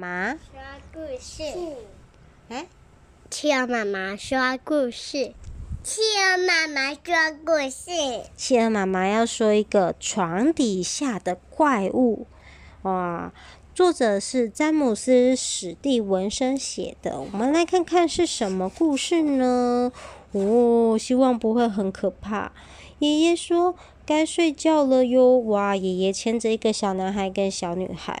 媽媽說故事，哎，企鵝媽媽說故事，企鵝媽媽說故事。企鵝媽媽要說一個床底下的怪物，哇、啊，作者是詹姆斯史帝文生寫的。我們來看看是什麼故事呢？哦，希望不會很可怕。爺爺說該睡覺了喲，哇，爺爺牽着一個小男孩跟小女孩。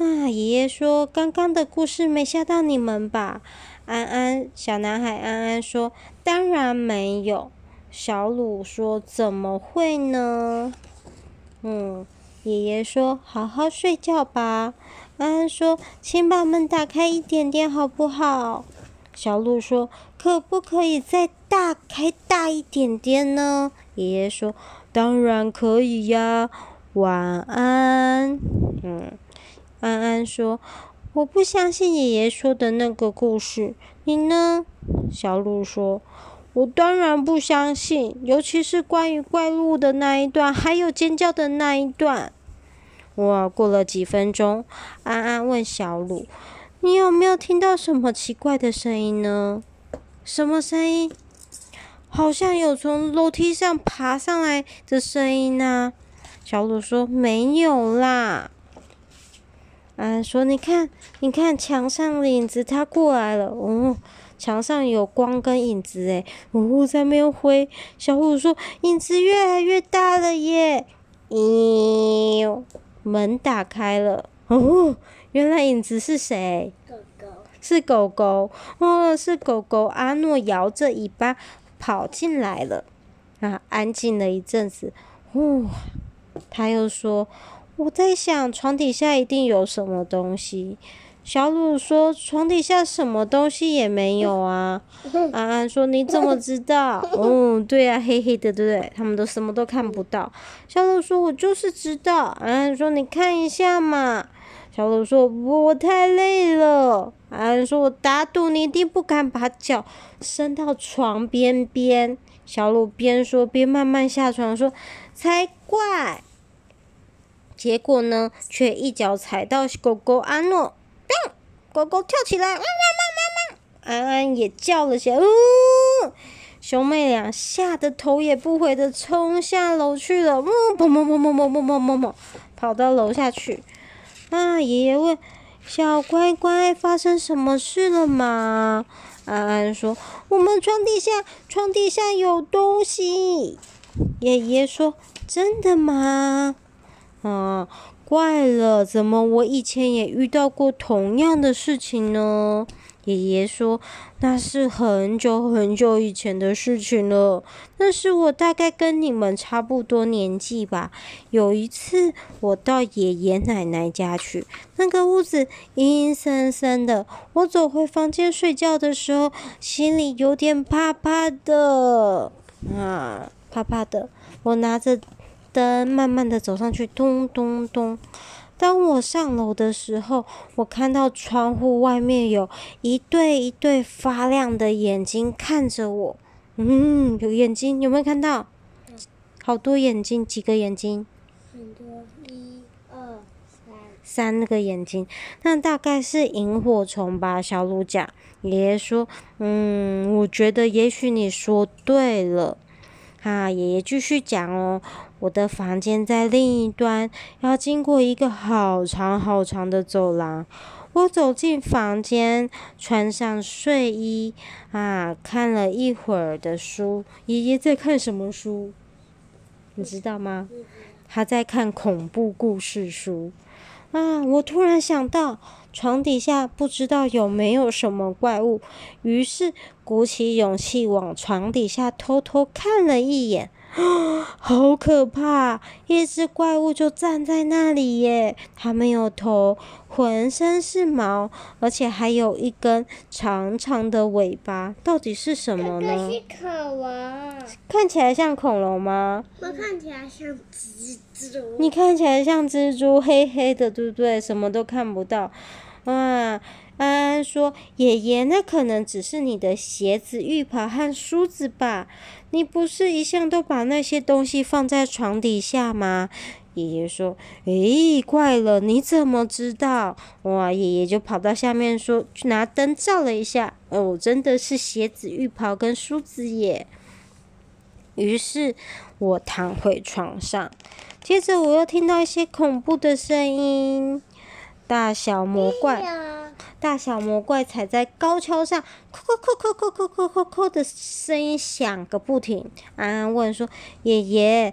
啊！爺爺說：“剛剛的故事沒嚇到你們吧？”安安，小男孩安安說：“當然沒有。”小魯說：“怎麼會呢？”嗯，爺爺說：“好好睡覺吧。”安安說：“請把門打開一點點，好不好？”小魯說：“可不可以再大開大一點點呢？”爺爺說：“當然可以呀，晚安。”嗯。安安說：“我不相信爺爺說的那個故事。”你呢？小鹿說：“我當然不相信，尤其是關於怪物的那一段，還有尖叫的那一段。”哇！過了幾分鐘，安安問小鹿：“你有沒有聽到什麼奇怪的聲音呢？”“什麼聲音？”“好像有從樓梯上爬上來的聲音呢。”小鹿說：“沒有啦。”啊，說，你看，你看牆上的影子，它過來了，哦，牆上有光跟影子，哎，嗚，在沒有灰。小虎說，影子越來越大了耶，咦、呃，門打開了，嗚、哦，原來影子是誰？狗狗，是狗狗，哦，是狗狗阿諾搖着尾巴跑進來了，啊，安靜了一陣子，嗚、哦，他又說。我在想床底下一定有什麼東西。小魯說：“床底下什麼東西也沒有啊。”安安說：“你怎麼知道？”哦、嗯，對啊，黑黑的，對不對，對？他們都什麼都看不到。小魯說：“我就是知道。”安安說：“你看一下嘛。”小魯說：“我太累了。”安安說：“我打賭你一定不敢把腳伸到床邊邊。”小魯邊說邊慢慢下床說：“才怪。”結果呢，卻一腳踩到狗狗安、啊、諾，當、呃，狗狗跳起來，汪汪汪汪汪，安安也叫了些，嗚、呃，兄妹倆嚇得頭也不回的衝下樓去了，嗯、呃，砰砰砰砰砰砰砰砰砰，跑到樓下去。啊，爺爺問：“小乖乖，發生什麼事了嗎？”安安說：“我們床底下，床底下有東西。”爺爺說：“真的嗎？”啊、嗯，怪了，怎麼我以前也遇到過同樣的事情呢？爺爺說，那是很久很久以前的事情了。那是我大概跟你們差不多年紀吧。有一次，我到爺爺奶奶家去，那個屋子陰森森的。我走回房間睡覺的時候，心裡有點怕怕的。啊、嗯，怕怕的。我拿着。燈慢慢的走上去，咚咚咚。當我上樓的時候，我看到窗戶外面有一對一對發亮的眼睛看着我。嗯，有眼睛，有沒有看到？嗯、好多眼睛，幾個眼睛？很多，一、二、三。三個眼睛，那大概是螢火蟲吧？小鹿講，爺爺說，嗯，我覺得也許你說對了。啊，爺爺繼續講哦。我的房間在另一端，要經過一個好長好長的走廊。我走進房間，穿上睡衣，啊，看了一會兒的書。爺爺在看什麼書？你知道嗎？他在看恐怖故事書。啊，我突然想到床底下不知道有沒有什麼怪物，於是鼓起勇氣往床底下偷偷看了一眼。啊，好可怕！一隻怪物就站在那裡耶，它沒有頭，渾身是毛，而且還有一根長長的尾巴，到底是什麼呢？可可是恐龍。看起來像恐龍嗎？我看起來像蜘蛛。你看起來像蜘蛛，黑黑的，對不對？什麼都看不到。哇，安安說：“爺爺，那可能只是你的鞋子、浴袍和梳子吧？你不是一向都把那些東西放在床底下嗎？”爺爺說：“欸，怪了，你怎麼知道？”哇，爺爺就跑到下面說：“去拿燈照了一下，哦，真的是鞋子、浴袍跟梳子耶。”於是，我躺回床上，接着我又聽到一些恐怖的聲音。大小魔怪，大小魔怪踩在高蹺上，扣扣扣扣扣扣扣扣扣的聲音響個不停。安安問說：“爺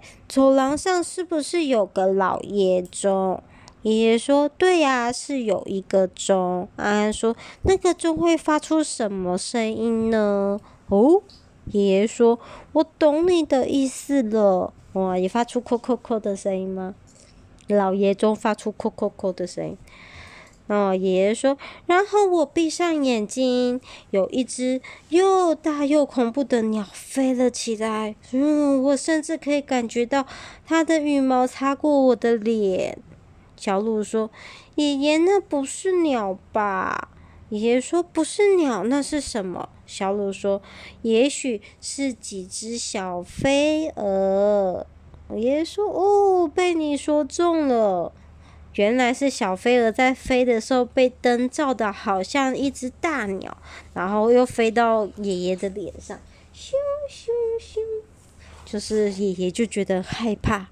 爺，走廊上是不是有個老爺鐘？”爺爺說：“對呀，是有一個鐘。”安安說：“那個鐘會發出什麼聲音呢？”哦，爺爺說：“我懂你的意思了。”哇，也發出扣扣扣的聲音嗎？老爺鐘發出扣扣扣的聲音，哦，爺爺說：“然後我閉上眼睛，有一隻又大又恐怖的鳥飛了起來。嗯，我甚至可以感覺到它的羽毛擦過我的臉。”小鹿說：“爺爺，那不是鳥吧？”爺爺說：“不是鳥，那是什麼？”小鹿說：“也許是幾隻小飛蛾。”爺爺說：“哦，被你說中了，原來是小飛蛾在飛的時候被燈照得，好像一隻大鳥，然後又飛到爺爺的臉上，咻咻咻，就是爺爺就覺得害怕。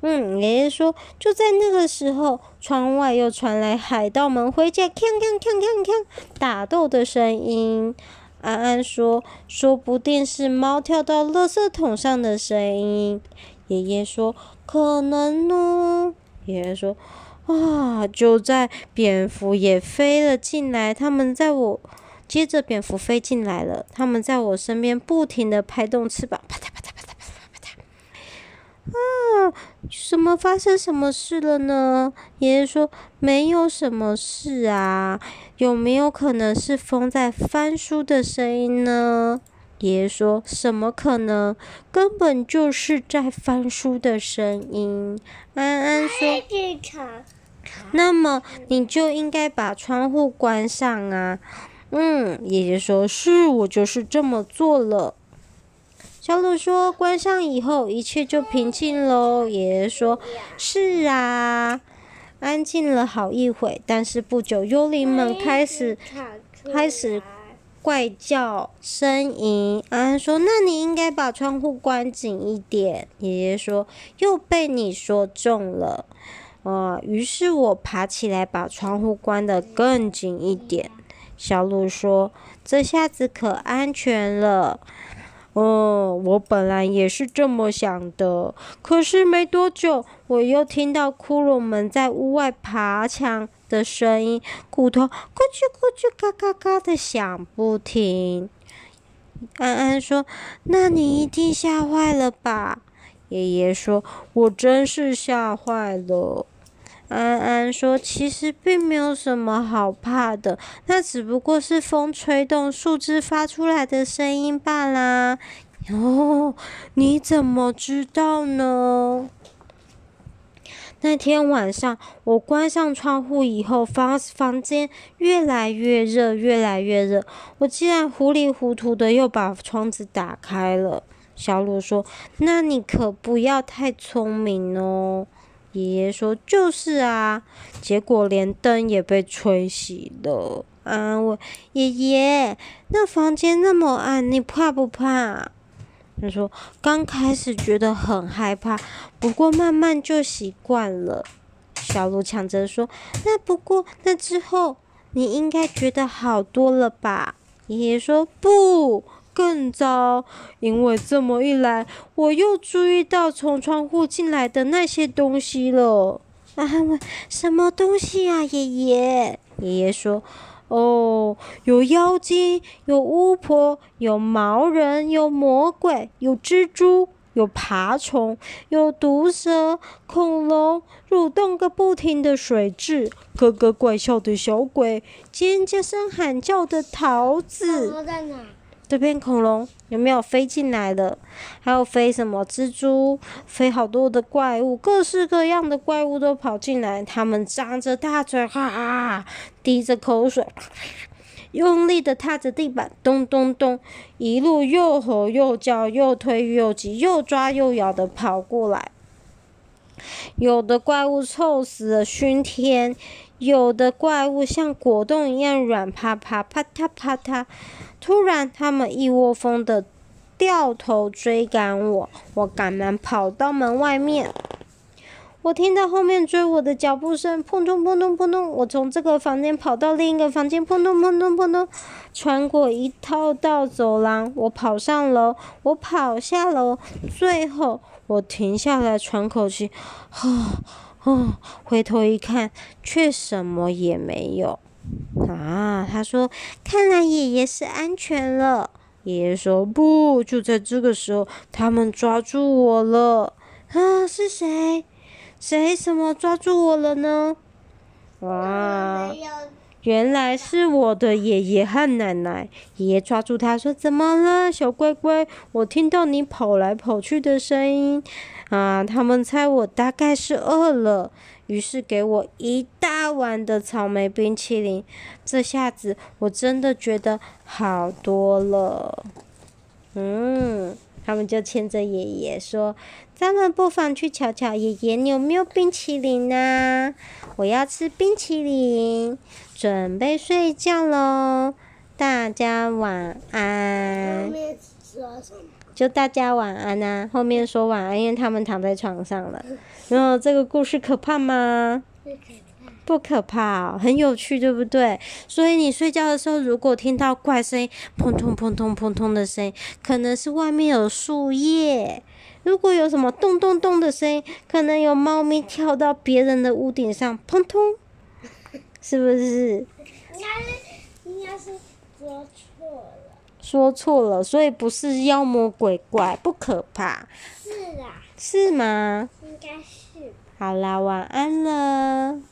嗯，爺爺說，就在那個時候，窗外又傳來海盜們回家，鏘鏘鏘鏘鏘，打鬥的聲音。安安說，說不定是貓跳到垃圾桶上的聲音。”爺爺說：“可能呢。”爺爺說：“啊，就在蝙蝠也飛了進來，它們在我……接着蝙蝠飛進來了，它們在我身邊不停地拍動翅膀，啪嗒啪嗒啪嗒啪嗒啪嗒。啊，什麼發生什麼事了呢？”爺爺說：“沒有什麼事啊，有沒有可能是風在翻書的聲音呢？”爺爺說：“怎麼可能？根本就是在翻書的聲音。”安安說：“嗯、那麼你就應該把窗戶關上啊。”嗯，爺爺說：“是我就是這麼做了。”小魯說：“關上以後，一切就平靜嘍。”爺爺說：“是啊，安靜了好一會。但是不久，幽靈們開始，開始。”怪叫呻吟，安、啊、安說：“那你應該把窗戶關緊一點。”爺爺說：“又被你說中了。啊”嗯，於是我爬起來把窗戶關得更緊一點。小鹿說：“這下子可安全了。”嗯，我本來也是這麼想的，可是沒多久，我又聽到骷髏們在屋外爬牆的聲音，骨頭咕嘰咕嘰、嘎嘎嘎的響不停。安安說：“那你一定嚇壞了吧？”爺爺說：“我真是嚇壞了。”安安說：“其實並沒有什麼好怕的，那只不過是風吹動樹枝發出來的聲音罷啦。”哦，你怎麼知道呢？那天晚上我關上窗戶以後，房房間越來越熱，越來越熱。我竟然糊里糊塗的又把窗子打開了。小魯說：“那你可不要太聰明哦。”爺爺說：“就是啊，結果連燈也被吹熄了。嗯”安慰爺爺：“那房間那麼暗，你怕不怕啊？”他說：“剛開始覺得很害怕，不過慢慢就習慣了。”小鹿搶着說：“那不過，那之後，你應該覺得好多了吧？”爺爺說：“不。”更糟，因為這麼一來，我又注意到從窗戶進來的那些東西了。啊，什麼東西啊，爺爺？爺爺說，哦，有妖精，有巫婆，有毛人，有魔鬼，有蜘蛛，有爬蟲，有毒蛇，恐龍，蠕動個不停的水蛭，個個怪笑的小鬼，尖叫聲喊叫的桃子。桃子這邊恐龍有沒有飛進來了？還有飛什麼？蜘蛛？飛好多的怪物，各式各樣的怪物都跑進來。他們張着大嘴，哈啊，滴着口水，啊、用力地踏着地板，咚咚咚，一路又吼又叫，又推又擠，又抓又咬地跑過來。有的怪物臭死了，燻天；有的怪物像果凍一樣軟趴趴，啪啪啪嗒啪嗒。突然，他們一窩蜂的掉頭追趕我，我趕忙跑到門外面。我聽到後面追我的腳步聲，砰咚砰咚砰咚。我從這個房間跑到另一個房間，砰咚砰咚砰咚。穿過一道道走廊，我跑上樓，我跑下樓，最後我停下來喘口氣，啊啊！回頭一看，卻什麼也沒有。啊，他說，看來爺爺是安全了。爺爺說，不，就在這個時候，他們抓住我了。啊，是誰？誰什麼抓住我了呢？哇，原來是我的爺爺和奶奶。爺爺抓住他說，怎麼了？小乖乖？我聽到你跑來跑去的聲音。啊，他們猜我大概是餓了，於是給我一大碗的草莓冰淇淋。這下子我真的覺得好多了。嗯，他們就牽着爺爺說：“咱們不妨去瞧瞧爺爺你有沒有冰淇淋呢？啊，我要吃冰淇淋，準備睡覺嘍，大家晚安。媽媽”就大家晚安吶、啊，後面說晚安，因為他們躺在床上了。然後、 哦、這個故事可怕嗎？不可怕，不可怕，很有趣，對不對？所以你睡覺的時候，如果聽到怪聲砰，砰砰砰砰砰砰的聲音，可能是外面有樹葉；如果有什麼咚咚咚的聲音，可能有貓咪跳到別人的屋頂上，砰砰，是不是？應該是，應該是說錯了，所以不是妖魔鬼怪，不可怕。是啦。是嗎？應該是。好啦，晚安了。